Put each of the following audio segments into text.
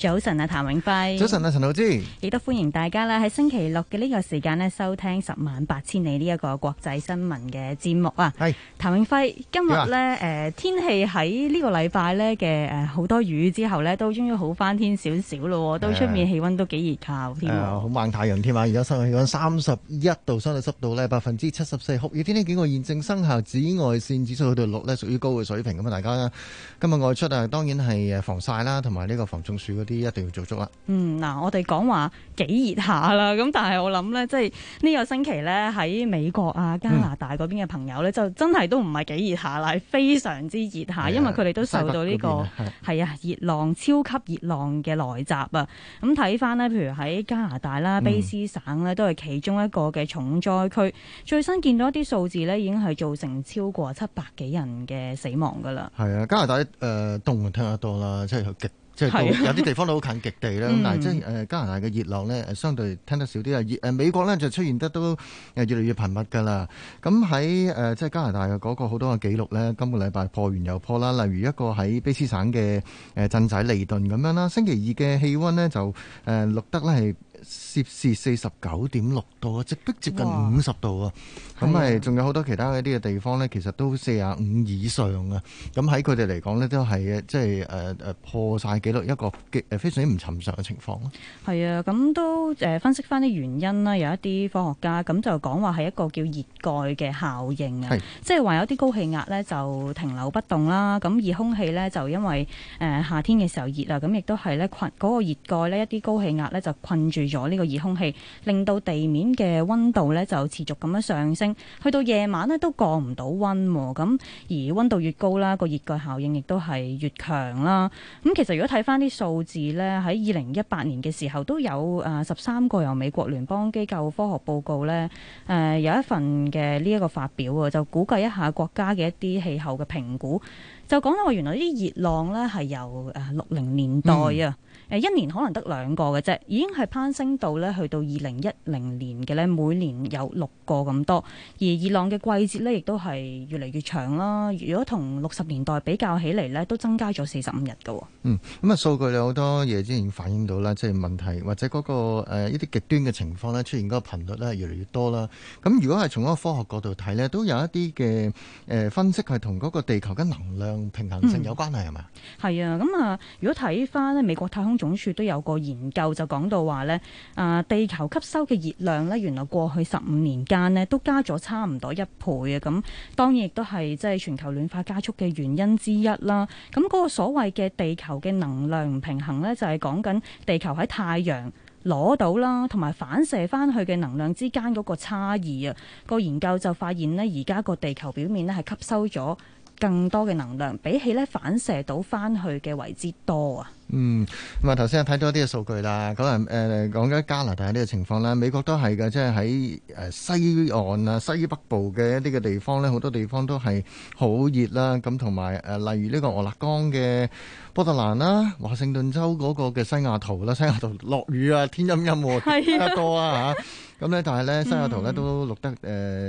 早晨啊，譚永輝。早晨啊，陳老師。亦都歡迎大家啦，喺星期六嘅呢個時間咧，收聽十萬八千里呢一個國際新聞嘅節目啊。係。譚永輝，今日呢，誒天氣喺呢個禮拜呢嘅誒好多雨之後呢，都終於好翻天少少咯，都出面氣溫都幾熱靠添。係啊，好猛太陽添啊，而家室內氣溫三十一度，相對濕度呢，百分之七十四，酷熱天氣警告現正生效，紫外線指數去到六呢，屬於高嘅水平咁啊。大家今日外出啊，當然係防曬啦，同埋呢個防中暑一定要做足啦。嗯，嗱，我哋講話幾熱下啦，咁但係我諗呢，即係呢個星期呢，喺美國啊、加拿大嗰邊嘅朋友呢，嗯、就真係都唔係幾熱下啦，非常之熱下、嗯，因為佢哋都受到呢、這個係啊熱浪、超級熱浪嘅來襲啊。咁睇翻呢，譬如喺加拿大啦，卑斯省呢，都係其中一個嘅重災區、嗯。最新見到一啲數字呢，已經係造成超過七百幾人嘅死亡噶啦。係、嗯、啊，加拿大誒，凍、呃、聽得多啦，即係佢即係有啲地方都好近極地啦，咁但係即係誒加拿大嘅熱浪咧，誒相對聽得少啲啊，熱誒美國咧就出現得都誒越嚟越頻密㗎啦。咁喺誒即係加拿大嘅嗰個好多嘅記錄咧，今個禮拜破完又破啦。例如一個喺卑斯省嘅誒鎮仔利頓咁樣啦，星期二嘅氣温咧就誒錄得咧係攝氏四十九點六度啊，直逼接近五十度啊。咁誒，仲有好多其他一啲嘅地方咧，其實都四啊五以上啊。咁喺佢哋嚟講咧，都係誒，即係誒誒破晒紀錄一個極誒非常之唔尋常嘅情況咯。係啊，咁都誒分析翻啲原因啦。有一啲科學家咁就講話係一個叫熱蓋嘅效應啊。係。即係話有啲高氣壓咧就停留不動啦。咁熱空氣咧就因為誒夏天嘅時候熱啦，咁亦都係咧嗰個熱蓋咧一啲高氣壓咧就困住咗呢個熱空氣，令到地面嘅溫度咧就持續咁樣上升。去到夜晚呢，都降唔到溫，咁而溫度越高啦，個熱嘅效應亦都係越強啦。咁其實如果睇翻啲數字呢，喺二零一八年嘅時候都有誒十三個由美國聯邦機構科學報告呢，誒有一份嘅呢一個發表啊，就估計一下國家嘅一啲氣候嘅評估，就講到原來呢啲熱浪呢係由誒六零年代啊，誒、嗯、一年可能得兩個嘅啫，已經係攀升到呢，去到二零一零年嘅呢，每年有六個咁多。而熱浪嘅季節呢，亦都係越嚟越長啦。如果同六十年代比較起嚟呢，都增加咗四十五日嘅。嗯，咁啊，數據有好多嘢之前反映到啦，即係問題或者嗰、那個誒一啲極端嘅情況呢，出現嗰個頻率呢，係越嚟越多啦。咁如果係從嗰個科學角度睇呢，都有一啲嘅誒分析係同嗰個地球嘅能量平衡性有關係係咪、嗯、啊？係啊，咁啊，如果睇返呢，美國太空總署都有個研究就講到話呢，啊、呃，地球吸收嘅熱量呢，原來過去十五年間呢，都加。差唔多一倍啊！咁當然亦都係即係全球暖化加速嘅原因之一啦。咁嗰個所謂嘅地球嘅能量唔平衡呢，就係講緊地球喺太陽攞到啦，同埋反射翻去嘅能量之間嗰個差異啊。個研究就發現呢，而家個地球表面呢，係吸收咗更多嘅能量，比起呢反射到翻去嘅為之多啊。嗯，咁啊，頭先睇多啲嘅數據啦。咁啊，誒講緊加拿大呢個情況啦，美國都係嘅，即係喺誒西岸啊，西北部嘅一啲嘅地方咧，好多地方都係好熱啦。咁同埋誒例如呢個俄勒岡嘅波特蘭啦，華盛頓州個嘅西雅圖啦，西雅圖落雨啊，天陰陰喎，多啊嚇。咁咧，但係咧，西雅圖咧都錄得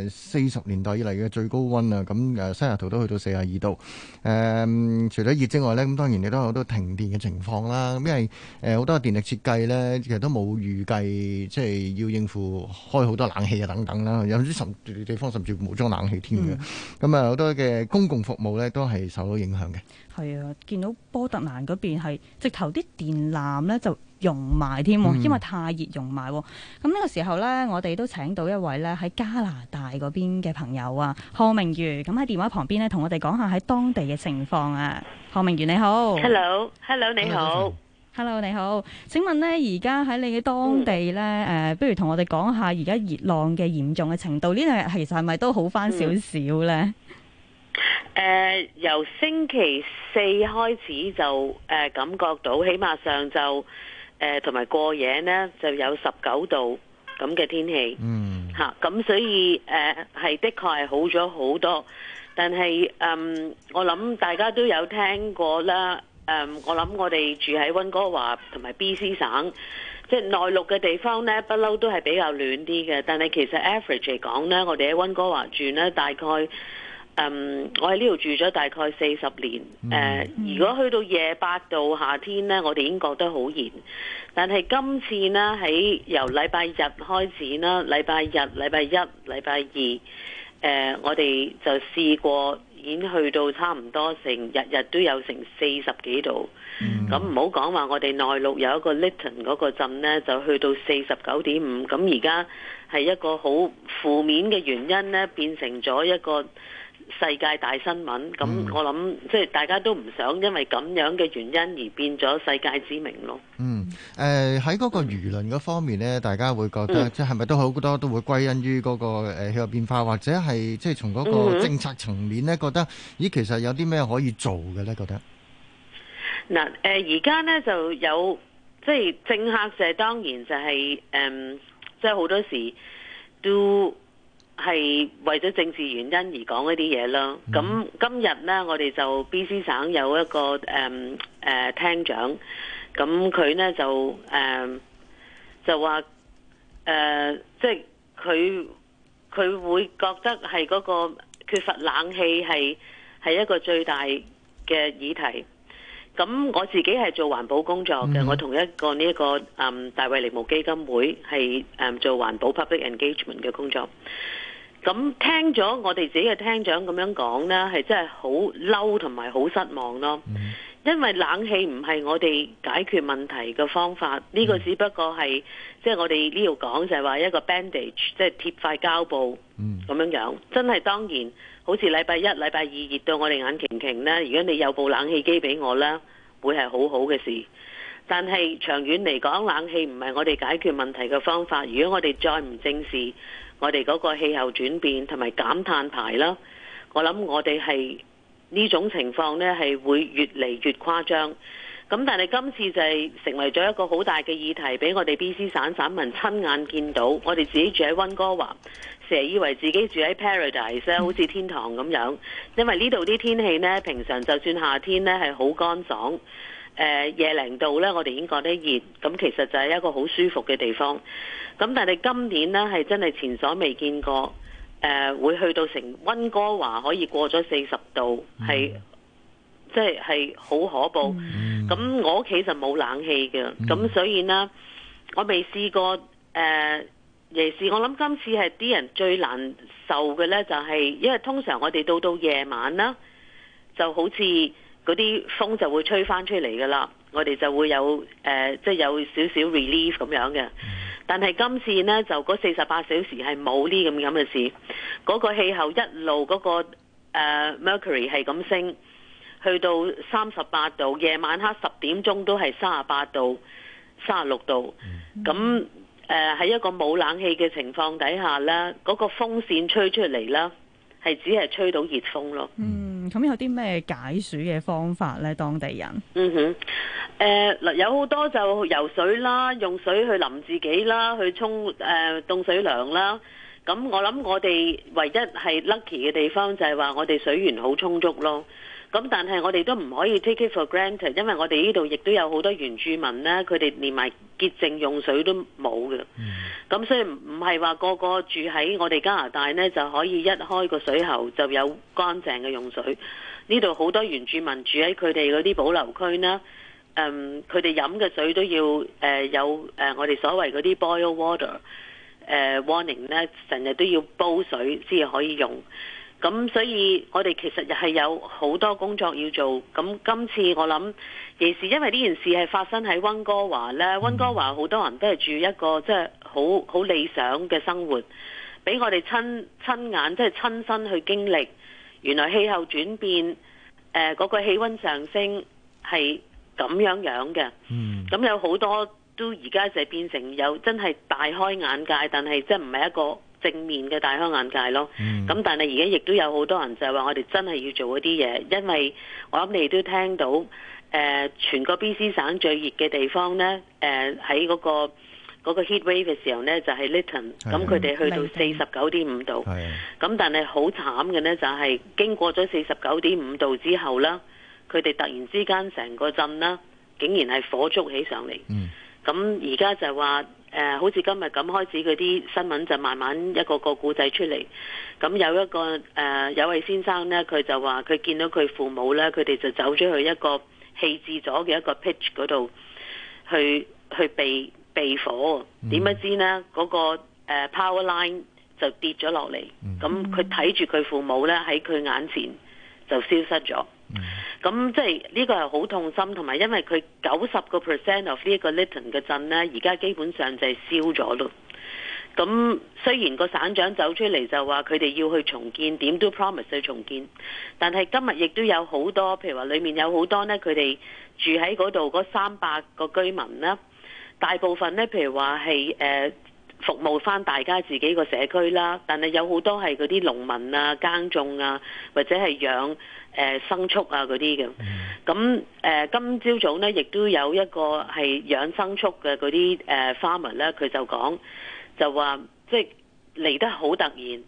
誒四十年代以嚟嘅最高温啊。咁誒，西雅圖都去到四廿二度。誒、嗯、除咗熱之外咧，咁當然你都有好多停電嘅情況。行啦，因為誒好多嘅電力設計咧，其實都冇預計，即係要應付開好多冷氣啊等等啦，有啲什地方甚至冇裝冷氣添嘅，咁啊好多嘅公共服務咧都係受到影響嘅。係啊，見到波特蘭嗰邊係直頭啲電纜咧就。融埋添，因為太熱融埋喎。咁呢個時候咧，我哋都請到一位咧喺加拿大嗰邊嘅朋友啊，賀明禹。咁喺電話旁邊咧，同我哋講下喺當地嘅情況啊。賀明禹你好，Hello，Hello，你好，Hello，你好。請問咧，而家喺你嘅當地咧，誒，不如同我哋講下而家熱浪嘅嚴重嘅程度。呢兩日其實係咪都好翻少少咧？誒，由星期四開始就誒感覺到，起碼上晝。誒同埋過夜呢就有十九度咁嘅天氣。嚇、嗯、咁、啊、所以誒係、呃、的確係好咗好多，但係嗯我諗大家都有聽過啦，誒、嗯、我諗我哋住喺溫哥華同埋 BC 省，即、就、係、是、內陸嘅地方呢不嬲都係比較暖啲嘅，但係其實 average 嚟講呢，我哋喺溫哥華住呢大概。Um, 在這裏嗯，我喺呢度住咗大概四十年。誒，如果去到夜八度夏天呢，我哋已經覺得好熱。但係今次呢，喺由禮拜日開始啦，禮拜日、禮拜一、禮拜二，誒、呃，我哋就試過已經去到差唔多成日日都有成四十幾度。咁唔好講話我哋內陸有一個 Litton 嗰個鎮呢，就去到四十九點五。咁而家係一個好負面嘅原因呢，變成咗一個。世界大新聞，咁我諗、嗯、即係大家都唔想因為咁樣嘅原因而變咗世界知名咯。嗯，誒喺嗰個輿論嘅方面呢、嗯，大家會覺得、嗯、即係咪都好多都會歸因於嗰個誒氣候變化，或者係即係從嗰個政策層面呢，覺得咦其實有啲咩可以做嘅呢？覺得嗱，誒而家呢就有即係政客就當然就係、是、誒、嗯，即係好多時都。係為咗政治原因而講一啲嘢咯。咁今日呢，我哋就 B.C 省有一個誒誒廳長，咁佢呢就誒就話誒，即係佢佢會覺得係嗰個缺乏冷氣係係一個最大嘅議題。咁我自己係做環保工作嘅，我同一個呢一個誒大衛鈴木基金會係誒做環保 public engagement 嘅工作。咁聽咗我哋自己嘅廳長咁樣講呢，係真係好嬲同埋好失望咯。因為冷氣唔係我哋解決問題嘅方法，呢、嗯，這個只不過係即係我哋呢度講就係話一個 bandage，即係貼塊膠布咁樣、嗯、樣。真係當然，好似禮拜一、禮拜二熱到我哋眼擎擎呢。如果你有部冷氣機俾我呢，會係好好嘅事。但係長遠嚟講，冷氣唔係我哋解決問題嘅方法。如果我哋再唔正視，我哋嗰個氣候轉變同埋減碳排啦，我諗我哋係呢種情況呢，係會越嚟越誇張。咁但係今次就係成為咗一個好大嘅議題，俾我哋 BC 省省民親眼見到。我哋自己住喺溫哥華，成日以為自己住喺 paradise，好似天堂咁樣。因為呢度啲天氣呢，平常就算夏天呢，係好乾爽。誒、呃、夜零度呢，我哋已經覺得熱，咁其實就係一個好舒服嘅地方。咁但係今年呢，係真係前所未見過，誒、呃、會去到成温哥華可以過咗四十度，係、嗯、即係係好可怖。咁、嗯、我屋企就冇冷氣嘅，咁所以呢，我未試過誒夜市。呃、我諗今次係啲人最難受嘅呢，就係、是、因為通常我哋到到夜晚啦，就好似。嗰啲風就會吹翻出嚟㗎喇，我哋就會有誒，即、呃、係、就是、有少少 relief 咁樣嘅。但係今次呢，就嗰四十八小時係冇呢咁樣嘅事。嗰、那個氣候一路嗰、那個、呃、mercury 係咁升，去到三十八度，夜晚黑十點鐘都係三十八度、三十六度。咁誒喺一個冇冷氣嘅情況底下呢，嗰、那個風扇吹出嚟呢，係只係吹到熱風咯。嗯咁有啲咩解暑嘅方法呢？當地人，嗯哼，呃、有好多就游水啦，用水去淋自己啦，去沖誒、呃、凍水涼啦。咁我諗我哋唯一係 lucky 嘅地方就係話我哋水源好充足咯。咁但係我哋都唔可以 take it for granted，因為我哋呢度亦都有好多原住民呢，佢哋連埋潔淨用水都冇嘅。咁所以唔係話個個住喺我哋加拿大呢，就可以一開個水喉就有乾淨嘅用水。呢度好多原住民住喺佢哋嗰啲保留區呢，嗯、佢哋飲嘅水都要、呃、有、呃、我哋所謂嗰啲 boil water、呃、warning 呢，成日都要煲水先可以用。咁所以，我哋其實又係有好多工作要做。咁今次我諗，尤其是因為呢件事係發生喺溫哥華呢。嗯。溫哥華好多人都係住一個即係好好理想嘅生活，俾我哋親親眼即係親身去經歷，原來氣候轉變，誒、呃、嗰個氣温上升係咁樣樣嘅。嗯。咁有好多都而家就變成有真係大開眼界，但係即係唔係一個正面嘅大開眼界咯，咁、嗯、但係而家亦都有好多人就係話我哋真係要做一啲嘢，因為我諗你哋都聽到，誒、呃，全個 BC 省最熱嘅地方呢，誒、呃，喺嗰、那個嗰、那個 heat wave 嘅時候呢，就係、是、Lytton 咁佢哋去到四十九點五度，咁但係好慘嘅呢，就係、是、經過咗四十九點五度之後啦，佢哋突然之間成個鎮啦，竟然係火燭起上嚟，咁而家就話。誒、呃，好似今日咁開始佢啲新聞就慢慢一個個故仔出嚟。咁有一個誒、呃，有位先生呢，佢就話佢見到佢父母呢，佢哋就走咗去一個棄置咗嘅一個 pitch 嗰度去去避避火。點、mm -hmm. 不知呢？嗰、那個 power line 就跌咗落嚟。咁佢睇住佢父母呢，喺佢眼前就消失咗。Mm -hmm. 咁即係呢個係好痛心，同埋因為佢九十個 percent of 呢一個 Litton 嘅鎮呢，而家基本上就係燒咗咯。咁雖然個省長走出嚟就話佢哋要去重建，點都 promise 去重建，但係今日亦都有好多，譬如話裏面有好多呢，佢哋住喺嗰度嗰三百個居民啦，大部分呢，譬如話係誒服務翻大家自己個社區啦，但係有好多係嗰啲農民啊、耕種啊，或者係養誒牲、呃、畜啊嗰啲嘅。咁誒、呃、今朝早，早呢，亦都有一個係養牲畜嘅嗰啲誒 farmer 呢，佢就講就話，即係嚟得好突然。誒、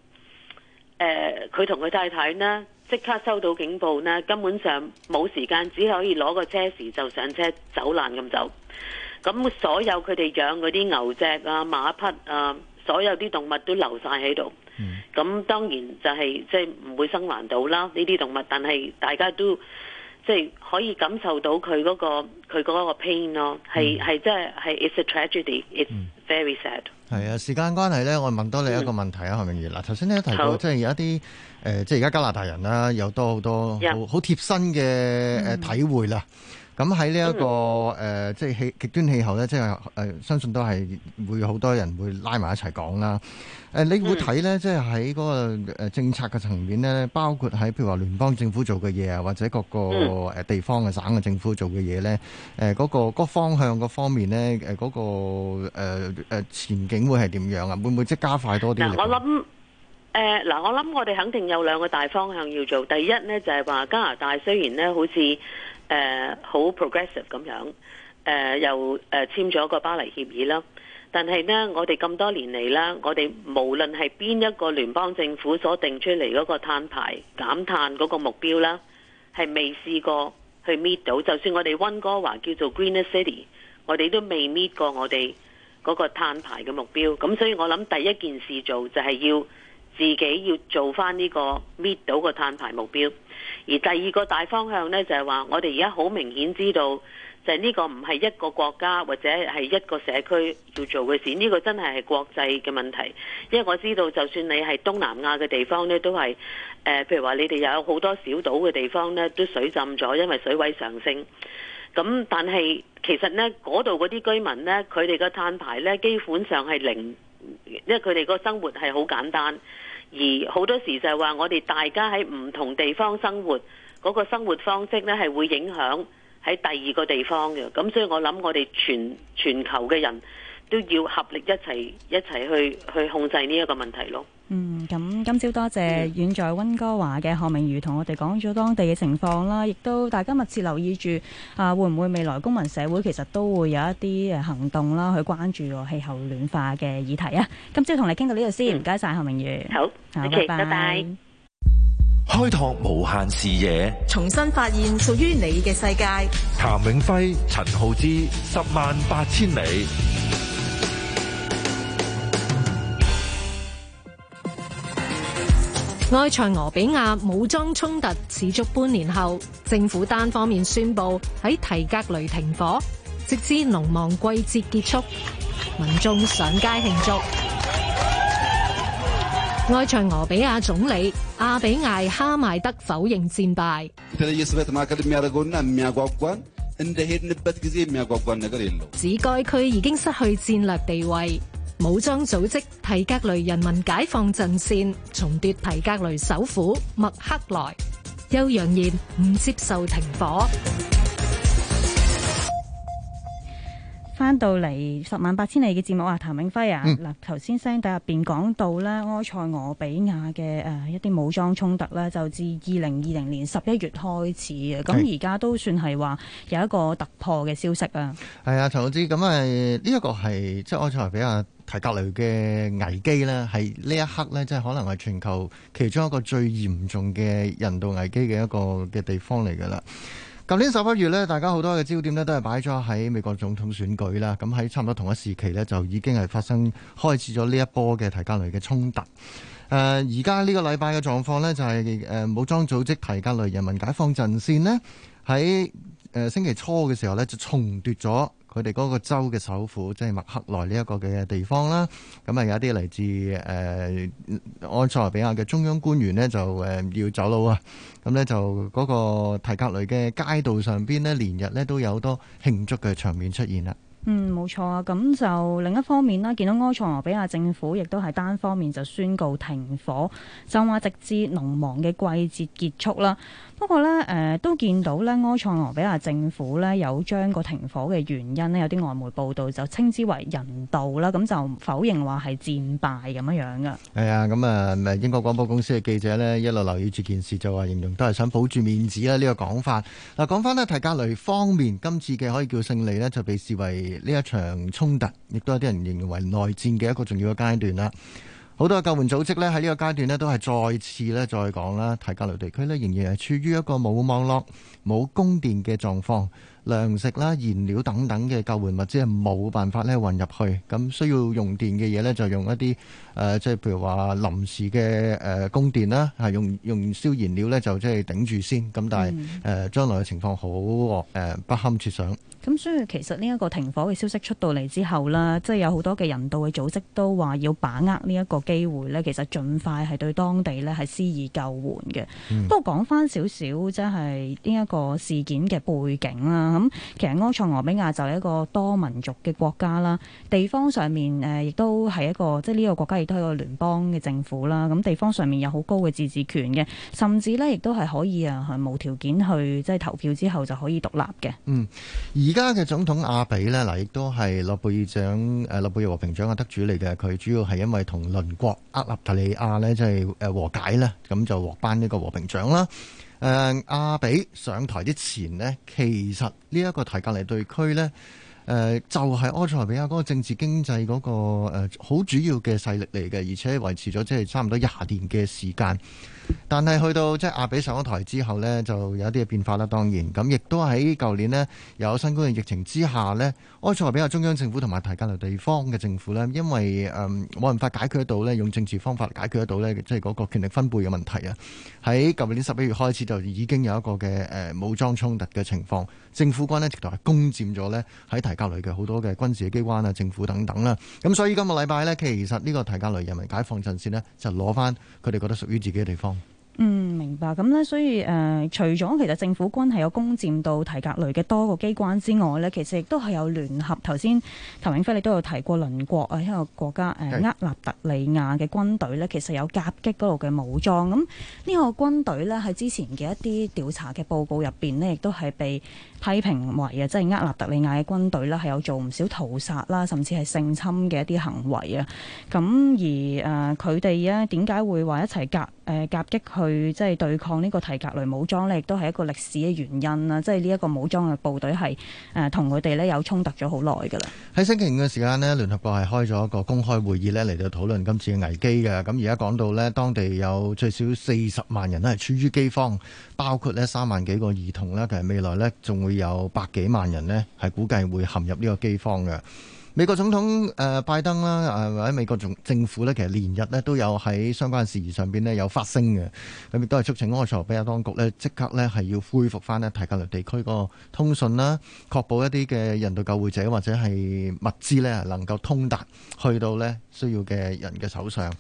呃，佢同佢太太呢，即刻收到警報呢，根本上冇時間，只可以攞個車匙就上車走爛咁走。咁所有佢哋養嗰啲牛隻啊、馬匹啊，所有啲動物都留晒喺度。咁、嗯、當然就係即係唔會生還到啦呢啲動物。但係大家都即係、就是、可以感受到佢嗰、那個佢嗰個 pain 咯，係係即係係 it's a tragedy，it's、嗯、very sad。係啊，時間關係咧，我問多你一個問題啊，賀明禹嗱，頭先你提到即係有一啲誒、呃，即係而家加拿大人啦、啊，有好多好多好好、嗯、貼身嘅誒體會啦。嗯咁喺呢一個即係氣極端氣候咧，即、就、係、是呃、相信都係會好多人會拉埋一齊講啦。你會睇咧、嗯，即係喺嗰個政策嘅層面咧，包括喺譬如話聯邦政府做嘅嘢啊，或者各個地方嘅、嗯、省嘅政府做嘅嘢咧，嗰、呃那個那個方向嗰方面咧，嗰、那個、呃、前景會係點樣啊？會唔會即加快多啲？嗱、啊，我諗誒，嗱、呃，我諗我哋肯定有兩個大方向要做。第一呢，就係、是、話加拿大雖然咧好似誒，好 progressive 咁樣，誒、uh, 又誒簽咗個巴黎協議啦。但係呢，我哋咁多年嚟啦，我哋無論係邊一個聯邦政府所定出嚟嗰個碳排減碳嗰個目標啦，係未試過去 meet 到。就算我哋溫哥華叫做 Green City，我哋都未 meet 過我哋嗰個碳排嘅目標。咁所以，我諗第一件事做就係要自己要做翻呢個 meet 到個碳排目標。而第二個大方向呢，就係話我哋而家好明顯知道，就係呢個唔係一個國家或者係一個社區要做嘅事，呢個真係係國際嘅問題。因為我知道，就算你係東南亞嘅地方呢，都係譬如話你哋有好多小島嘅地方呢，都水浸咗，因為水位上升。咁但係其實呢嗰度嗰啲居民呢，佢哋嘅碳排呢，基本上係零，因為佢哋個生活係好簡單。而好多時就係話，我哋大家喺唔同地方生活嗰個生活方式呢，係會影響喺第二個地方嘅。咁所以我諗，我哋全全球嘅人都要合力一齊一齊去去控制呢一個問題咯。嗯，咁今朝多謝遠在溫哥華嘅賀明禹同我哋講咗當地嘅情況啦，亦都大家密切留意住啊，會唔會未來公民社會其實都會有一啲誒行動啦去關注個氣候暖化嘅議題啊？今朝同你傾到呢度先，唔該晒賀明禹，好，好 okay, 拜拜拜拜。開拓無限視野，重新發現屬於你嘅世界。譚永輝、陳浩之，十萬八千里。埃塞俄比亞武裝衝突持續半年後，政府單方面宣布喺提格雷停火，直至農忙季節結束，民眾上街慶祝。埃塞俄比亞總理阿比艾哈邁德否認戰敗，指該區已經失去戰略地位。武裝組織提格雷人民解放陣線重奪提格雷首府麥克萊，又揚言唔接受停火。翻到嚟十萬八千里嘅節目啊，譚永輝啊，嗱，頭先聲帶入邊講到咧，埃塞俄比亞嘅誒一啲武裝衝突咧，就自二零二零年十一月開始嘅，咁而家都算係話有一個突破嘅消息啊。係啊，陳老師，咁咪呢一個係即係埃塞俄比亞提格雷嘅危機咧，係呢一刻咧，即係可能係全球其中一個最嚴重嘅人道危機嘅一個嘅地方嚟噶啦。今年十一月呢，大家好多嘅焦點呢都係擺咗喺美國總統選舉啦。咁喺差唔多同一時期呢，就已經係發生開始咗呢一波嘅提格雷嘅衝突。誒、呃，而家呢個禮拜嘅狀況呢，就係誒武裝組織提格雷人民解放陣線呢喺誒星期初嘅時候呢，就重奪咗。佢哋嗰個州嘅首府即係麥克萊呢一個嘅地方啦，咁啊有一啲嚟自誒、呃、埃塞俄比亞嘅中央官員呢，就、呃、要走佬啊，咁咧就嗰個提格雷嘅街道上邊呢連日呢都有好多慶祝嘅場面出現啦。嗯，冇錯啊。咁就另一方面啦，見到埃塞俄比亞政府亦都係單方面就宣告停火，就話直至農忙嘅季節結束啦。不過呢，誒、呃、都見到呢，埃塞俄比亞政府呢，有將個停火嘅原因呢，有啲外媒報道就稱之為人道啦。咁就否認話係戰敗咁樣樣嘅。係、哎、啊，咁啊，英國廣播公司嘅記者呢，一路留意住件事就，就話形容都係想保住面子啦。呢、這個講法。嗱、啊，講翻呢，提格雷方面今次嘅可以叫勝利呢，就被視為。呢一場衝突，亦都有啲人認為內戰嘅一個重要嘅階段啦。好多救援組織咧喺呢個階段咧都係再次咧再講啦，提格雷地區咧仍然係處於一個冇網絡、冇供電嘅狀況。糧食啦、燃料等等嘅救援物資係冇辦法咧運入去，咁需要用電嘅嘢咧就用一啲誒，即、呃、係譬如話臨時嘅誒供電啦，係用用燒燃料咧就即係頂住先。咁但係誒將來嘅情況好惡不堪設想。咁、嗯、所以其實呢一個停火嘅消息出到嚟之後啦，即係有好多嘅人道嘅組織都話要把握呢一個機會咧，其實盡快係對當地咧係施以救援嘅、嗯。不過講返少少，即係呢一個事件嘅背景啦。咁，其實埃塞俄比亞就係一個多民族嘅國家啦。地方上面誒，亦都係一個即係呢個國家亦都係一個聯邦嘅政府啦。咁地方上面有好高嘅自治權嘅，甚至呢亦都係可以啊，係無條件去即係投票之後就可以獨立嘅。嗯，而家嘅總統阿比呢，嗱亦都係諾貝爾獎誒、呃、諾貝爾和平獎嘅得主嚟嘅。佢主要係因為同鄰國厄立特里亞呢，即係誒和解咧，咁就獲頒呢個和平獎啦。誒，阿比上台之前呢，其實呢一個提格雷對區咧，誒、呃、就係埃塞俄比亞嘅政治經濟嗰個好主要嘅勢力嚟嘅，而且維持咗即係差唔多廿年嘅時間。但係去到即係阿比上咗台之後呢，就有一啲嘅變化啦。當然咁，亦都喺舊年呢有新冠嘅疫情之下呢，埃塞俄比亞啊，中央政府同埋提格雷地方嘅政府呢，因為誒冇辦法解決得到呢用政治方法解決得到呢即係嗰個權力分配嘅問題啊。喺舊年十一月開始就已經有一個嘅誒武裝衝突嘅情況，政府軍呢，直頭係攻佔咗呢喺提格雷嘅好多嘅軍事機關啊、政府等等啦。咁所以今個禮拜呢，其實呢個提格雷人民解放陣線呢，就攞翻佢哋覺得屬於自己嘅地方。嗯，明白。咁呢，所以誒、呃，除咗其實政府軍係有攻占到提格雷嘅多個機關之外呢，其實亦都係有聯合。頭先譚永輝你都有提過鄰國啊，一個國家誒厄納特利亞嘅軍隊呢，其實有夾擊嗰度嘅武裝。咁呢個軍隊呢，喺之前嘅一啲調查嘅報告入邊呢，亦都係被批評為啊，即係厄納特利亞嘅軍隊呢，係有做唔少屠殺啦，甚至係性侵嘅一啲行為啊。咁而誒，佢、呃、哋呢點解會話一齊夾？誒、呃、夾擊去，即係對抗呢個提格雷武裝呢，亦都係一個歷史嘅原因啦。即係呢一個武裝嘅部隊係誒同佢哋呢有衝突咗好耐㗎啦。喺星期五嘅時間呢，聯合國係開咗一個公開會議呢，嚟到討論今次嘅危機嘅。咁而家講到呢，當地有最少四十萬人咧係處於饑荒，包括呢三萬幾個兒童呢，其實未來呢仲會有百幾萬人呢係估計會陷入呢個饑荒嘅。美國總統誒拜登啦，或者美國總政府呢，其實連日咧都有喺相關事宜上邊咧有發聲嘅，咁亦都係促請埃塞俄比亞當局呢，即刻呢係要恢復翻咧提格雷地區個通訊啦，確保一啲嘅人道救護者或者係物資呢能夠通達去到呢需要嘅人嘅手上。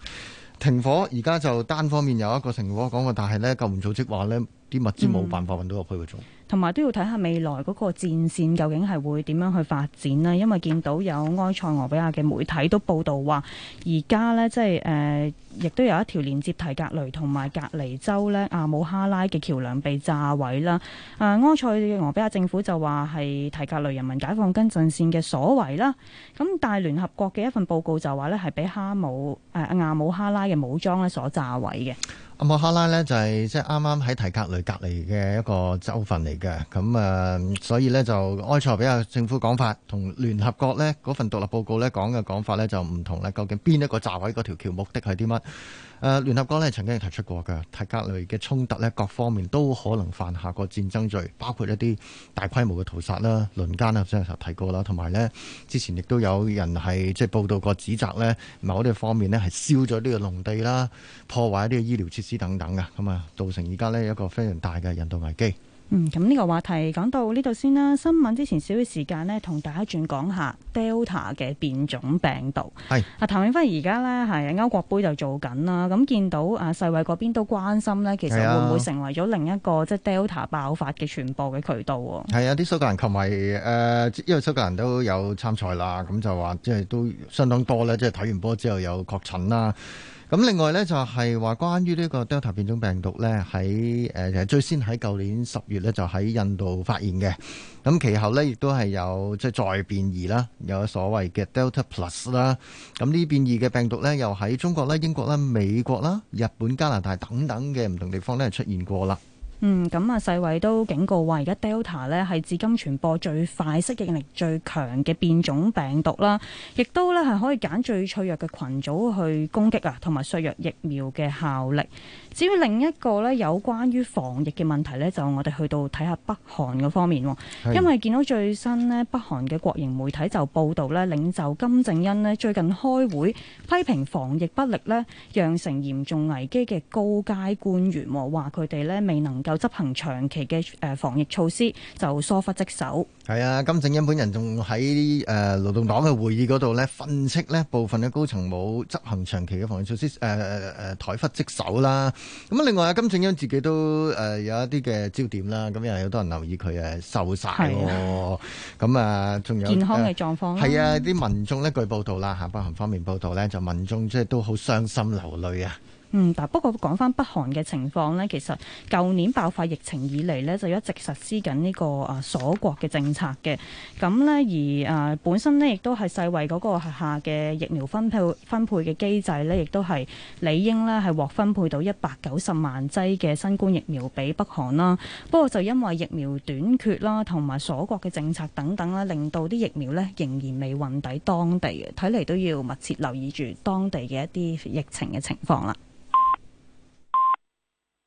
停火而家就單方面有一個情況講過，但係呢救援組織話呢。啲物資冇辦法揾到入去嘅仲、嗯嗯，同埋都要睇下未來嗰個戰線究竟係會點樣去發展啦。因為見到有埃塞俄比亞嘅媒體都報道話，而家呢，即係誒、呃，亦都有一條連接提格雷同埋隔離州呢阿姆哈拉嘅橋梁被炸毀啦。啊、呃，埃塞俄比亞政府就話係提格雷人民解放軍陣線嘅所為啦。咁但係聯合國嘅一份報告就話呢，係俾哈姆誒、呃、阿姆哈拉嘅武裝呢所炸毀嘅。阿姆哈拉呢，就係即係啱啱喺提格雷隔離嘅一個州份嚟嘅，咁啊、呃，所以呢，就埃塞俄比亞政府講法同聯合國呢嗰份獨立報告呢講嘅講法呢，就唔同啦。究竟邊一個炸毀嗰條橋目的係啲乜？誒、呃、聯合國咧曾經提出過㗎，提格雷嘅衝突咧各方面都可能犯下過戰爭罪，包括一啲大規模嘅屠殺啦、輪姦啦，之前就提過啦，同埋呢之前亦都有人係即係報道過指責呢某啲方面咧係燒咗呢個農地啦、破壞呢啲醫療設施等等嘅，咁啊造成而家呢一個非常大嘅人道危機。嗯，咁呢個話題講到呢度先啦。新聞之前少少時間呢，同大家轉講下 Delta 嘅變種病毒。係啊，譚永輝而家呢喺歐國杯就做緊啦。咁見到啊世衞嗰邊都關心呢，其實會唔會成為咗另一個即係、就是、Delta 爆發嘅傳播嘅渠道？係啊，啲蘇格蘭球迷誒，因為蘇格蘭都有參賽啦，咁就話即係都相當多咧，即係睇完波之後有確診啦。咁另外咧就係話關於呢個 Delta 變種病毒咧，喺誒最先喺舊年十月咧就喺印度發現嘅，咁其後咧亦都係有即係再變異啦，有所謂嘅 Delta Plus 啦，咁呢變異嘅病毒咧又喺中國啦、英國啦、美國啦、日本、加拿大等等嘅唔同地方咧出現過啦。嗯，咁啊，世衛都警告話而家 Delta 咧係至今傳播最快、適應力最強嘅變種病毒啦，亦都咧係可以揀最脆弱嘅群組去攻擊啊，同埋削弱疫苗嘅效力。至於另一個咧有關於防疫嘅問題咧，就我哋去到睇下北韓嘅方面，因為見到最新咧北韓嘅國營媒體就報道咧，領袖金正恩咧最近開會批評防疫不力咧，釀成嚴重危機嘅高階官員，話佢哋咧未能夠。有執行長期嘅誒防疫措施就疏忽職守。係啊，金正恩本人仲喺誒勞動黨嘅會議嗰度咧，訓斥咧部分嘅高層冇執行長期嘅防疫措施誒誒，怠、呃呃、忽職守啦。咁另外阿、啊、金正恩自己都誒、呃、有一啲嘅焦點啦。咁又有多人留意佢誒瘦晒、喔。咁啊，仲、啊、有健康嘅狀況咧。係、呃、啊，啲民眾呢，據報道啦嚇，北韓方，方面報道呢，就民眾即係都好傷心流淚啊。嗯，但不過講翻北韓嘅情況呢，其實舊年爆發疫情以嚟呢，就一直實施緊呢個啊鎖國嘅政策嘅。咁呢，而、呃、本身呢，亦都係世衛嗰轄下嘅疫苗分配分配嘅機制呢，亦都係理應呢係獲分配到一百九十萬劑嘅新冠疫苗俾北韓啦。不過就因為疫苗短缺啦，同埋鎖國嘅政策等等啦，令到啲疫苗呢仍然未運抵當地嘅。睇嚟都要密切留意住當地嘅一啲疫情嘅情況啦。